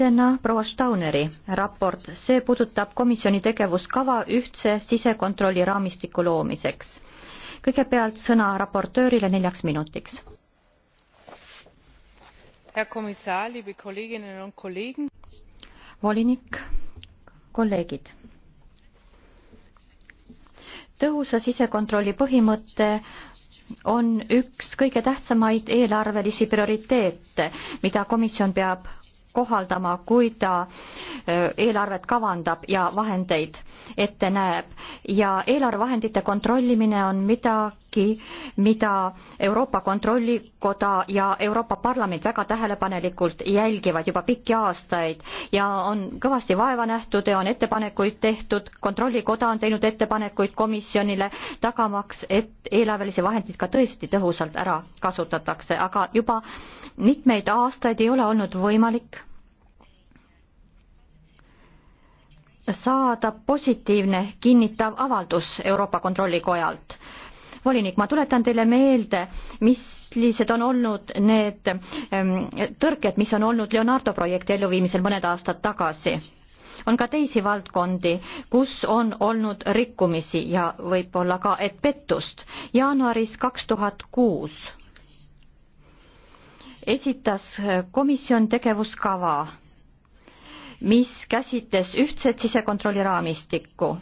järgmisena proua Stauneri raport, see puudutab komisjoni tegevuskava ühtse sisekontrolli raamistiku loomiseks. kõigepealt sõna raportöörile neljaks minutiks. volinik, kolleegid. tõhusa sisekontrolli põhimõte on üks kõige tähtsamaid eelarvelisi prioriteete, mida komisjon peab kohaldama, kui ta äh, eelarvet kavandab ja vahendeid ette näeb. ja eelarvevahendite kontrollimine on midagi, mida Euroopa Kontrollikoda ja Euroopa Parlament väga tähelepanelikult jälgivad juba pikki aastaid ja on kõvasti vaeva nähtud ja on ettepanekuid tehtud, Kontrollikoda on teinud ettepanekuid komisjonile, tagamaks, et eelarvelisi vahendeid ka tõesti tõhusalt ära kasutatakse, aga juba mitmeid aastaid ei ole olnud võimalik saada positiivne kinnitav avaldus Euroopa Kontrollikojalt. volinik, ma tuletan teile meelde, millised on olnud need ähm, tõrked, mis on olnud Leonardo projekti elluviimisel mõned aastad tagasi. on ka teisi valdkondi, kus on olnud rikkumisi ja võib-olla ka, et pettust. jaanuaris kaks tuhat kuus esitas komisjon tegevuskava, mis käsitles ühtset sisekontrolli raamistikku.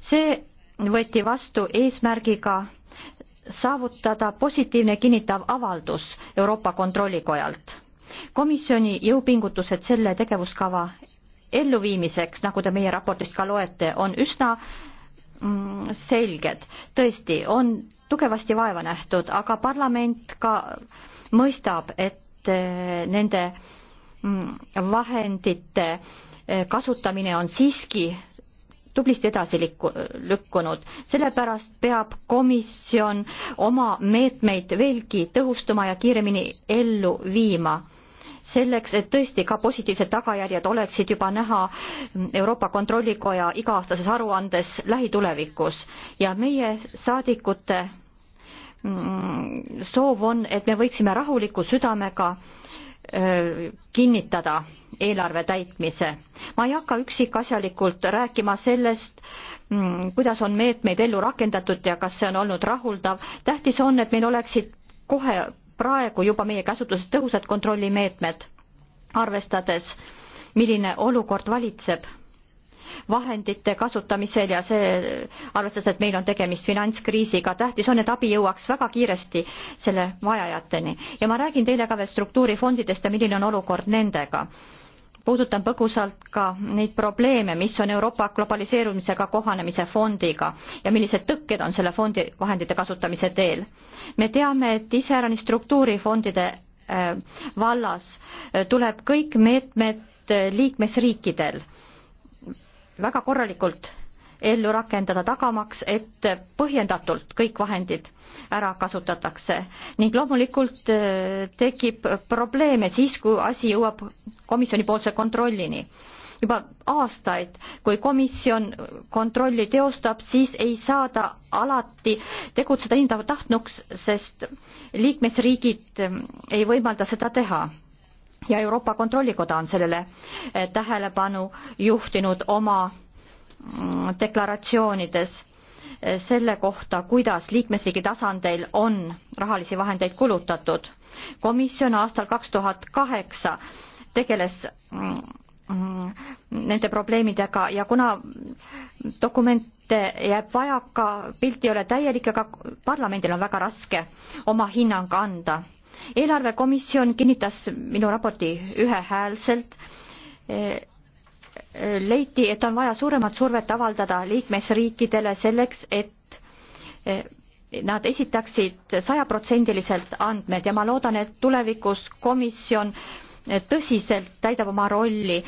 see võeti vastu eesmärgiga saavutada positiivne kinnitav avaldus Euroopa Kontrollikojalt. komisjoni jõupingutused selle tegevuskava elluviimiseks, nagu te meie raportist ka loete, on üsna mm, selged. tõesti, on tugevasti vaeva nähtud, aga parlament ka mm, mõistab, et eh, nende mm, vahendite eh, kasutamine on siiski tublisti edasi lükkunud, sellepärast peab komisjon oma meetmeid veelgi tõhustama ja kiiremini ellu viima. selleks, et tõesti ka positiivsed tagajärjed oleksid juba näha Euroopa Kontrollikoja iga-aastases aruandes lähitulevikus ja meie saadikute Mm, soov on, et me võiksime rahuliku südamega äh, kinnitada eelarve täitmise. ma ei hakka üksikasjalikult rääkima sellest, mm, kuidas on meetmeid ellu rakendatud ja kas see on olnud rahuldav. tähtis on, et meil oleksid kohe praegu juba meie käsutuses tõhusad kontrollimeetmed, arvestades, milline olukord valitseb vahendite kasutamisel ja see, arvestades, et meil on tegemist finantskriisiga, tähtis on, et abi jõuaks väga kiiresti selle vajajateni. ja ma räägin teile ka veel struktuurifondidest ja milline on olukord nendega puudutan põgusalt ka neid probleeme, mis on Euroopa globaliseerumisega kohanemise fondiga ja millised tõkked on selle fondi vahendite kasutamise teel. me teame, et iseäranis struktuurifondide äh, vallas äh, tuleb kõik meetmed äh, liikmesriikidel väga korralikult ellu rakendada, tagamaks, et põhjendatult kõik vahendid ära kasutatakse ning loomulikult äh, tekib probleeme siis, kui asi jõuab komisjonipoolse kontrollini. juba aastaid, kui komisjon kontrolli teostab, siis ei saa ta alati tegutseda nii, nagu tahtnuks, sest liikmesriigid äh, ei võimalda seda teha ja Euroopa Kontrollikoda on sellele eh, tähelepanu juhtinud oma mm, deklaratsioonides eh, selle kohta, kuidas liikmesriigi tasandil on rahalisi vahendeid kulutatud. komisjon aastal kaks tuhat kaheksa tegeles mm, mm, nende probleemidega ja kuna dokumente jääb vajaka, pilt ei ole täielik, aga parlamendil on väga raske oma hinnang anda eelarvekomisjon kinnitas minu raporti ühehäälselt. leiti, et on vaja suuremat survet avaldada liikmesriikidele selleks, et nad esitaksid sajaprotsendiliselt andmed ja ma loodan, et tulevikus komisjon tõsiselt täidab oma rolli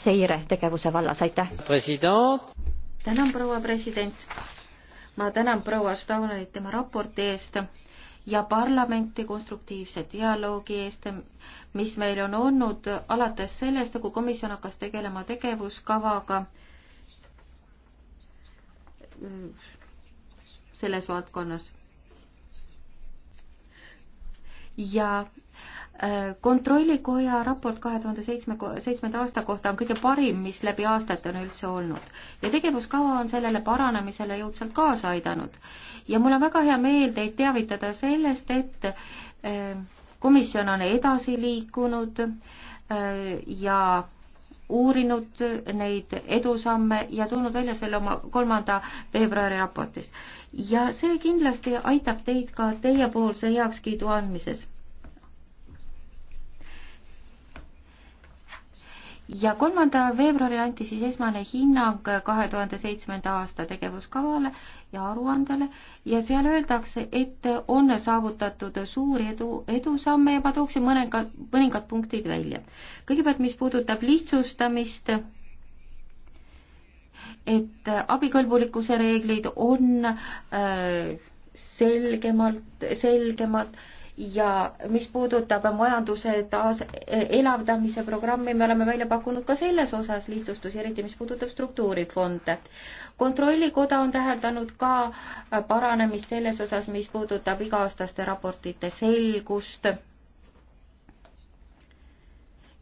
seiretegevuse vallas, aitäh. tänan, proua president. ma tänan proua Stavlenit tema raporti eest ja parlamenti konstruktiivse dialoogi eest, mis meil on olnud alates sellest, kui komisjon hakkas tegelema tegevuskavaga selles valdkonnas. ja kontrollikoja raport kahe tuhande seitsme, seitsmenda aasta kohta on kõige parim, mis läbi aastate on üldse olnud. ja tegevuskava on sellele paranemisele jõudsalt kaasa aidanud. ja mul on väga hea meel teid teavitada sellest, et eh, komisjon on edasi liikunud eh, ja uurinud neid edusamme ja tulnud välja selle oma kolmanda veebruari raportis. ja see kindlasti aitab teid ka teiepoolse heakskiidu andmises ja kolmanda veebruari anti siis esmane hinnang kahe tuhande seitsmenda aasta tegevuskavale ja aruandele ja seal öeldakse, et on saavutatud suuri edu, edusamme ja ma tooksin mõningad, mõningad punktid välja. kõigepealt, mis puudutab lihtsustamist, et abikõlbulikkuse reeglid on äh, selgemalt, selgemad ja mis puudutab majanduse taas e-, elavdamise programmi, me oleme välja pakkunud ka selles osas lihtsustusi, eriti mis puudutab struktuurifonde. kontrollikoda on täheldanud ka paranemist selles osas, mis puudutab iga-aastaste raportite selgust.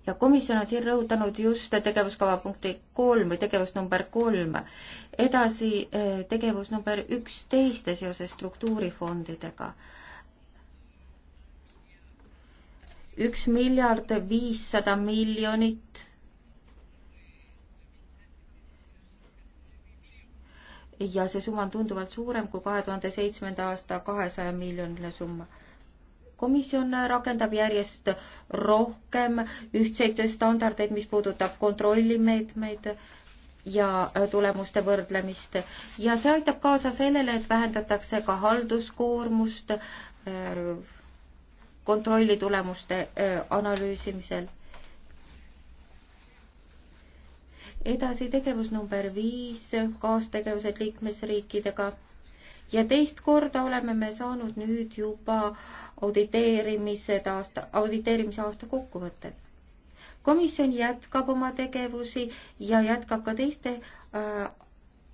ja komisjon on siin rõhutanud just tegevuskava punkti kolm või tegevus number kolm. edasi e, tegevus number üksteist seoses struktuurifondidega üks miljard viissada miljonit. ja see summa on tunduvalt suurem kui kahe tuhande seitsmenda aasta kahesaja miljoniline summa. komisjon rakendab järjest rohkem ühtseid standardeid, mis puudutab kontrollimeetmeid ja tulemuste võrdlemist ja see aitab kaasa sellele, et vähendatakse ka halduskoormust äh, kontrolli tulemuste analüüsimisel. edasi tegevus number viis, kaastegevused liikmesriikidega ja teist korda oleme me saanud nüüd juba auditeerimised aasta, auditeerimise aasta kokkuvõtted. komisjon jätkab oma tegevusi ja jätkab ka teiste äh,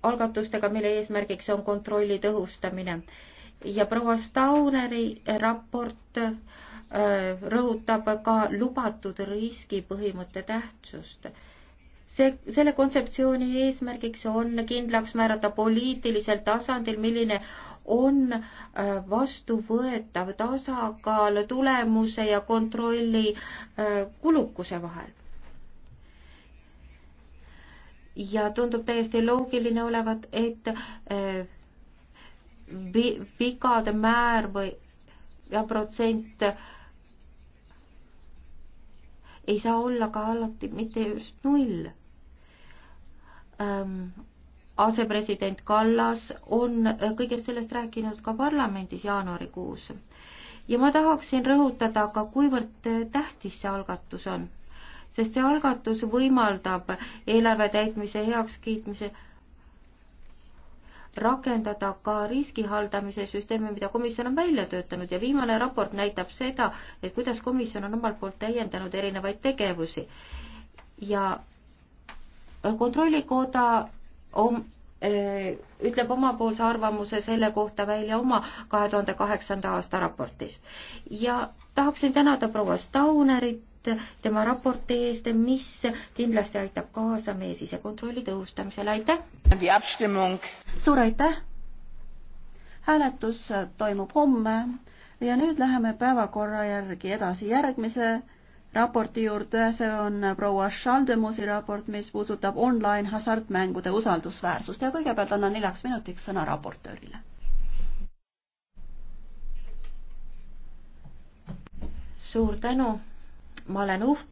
algatustega, mille eesmärgiks on kontrolli tõhustamine ja proua Stauneri eh, raport eh, rõhutab ka lubatud riski põhimõtte tähtsust. see, selle kontseptsiooni eesmärgiks on kindlaks määrata poliitilisel tasandil, milline on eh, vastuvõetav tasakaal tulemuse ja kontrolli kulukuse vahel ja tundub täiesti loogiline olevat, et vigade määr või ja protsent ei saa olla ka alati mitte just null ähm, asepresident Kallas on kõigest sellest rääkinud ka parlamendis jaanuarikuus. ja ma tahaksin rõhutada ka, kuivõrd tähtis see algatus on, sest see algatus võimaldab eelarve täitmise heakskiitmise rakendada ka riskihaldamise süsteemi, mida komisjon on välja töötanud ja viimane raport näitab seda, et kuidas komisjon on omalt poolt täiendanud erinevaid tegevusi. ja kontrollikoda on eh, ütleb omapoolse arvamuse selle kohta välja oma kahe tuhande kaheksanda aasta raportis. ja tahaksin tänada proua Staunerit tema raporti eest, mis kindlasti aitab kaasa meie sisekontrolli tõhustamisele, aitäh! suur aitäh! hääletus toimub homme ja nüüd läheme päevakorra järgi edasi järgmise raporti juurde, see on proua Schaldemusi raport, mis puudutab online hasartmängude usaldusväärsust ja kõigepealt annan neljaks minutiks sõna raportöörile. suur tänu ma olen uhke.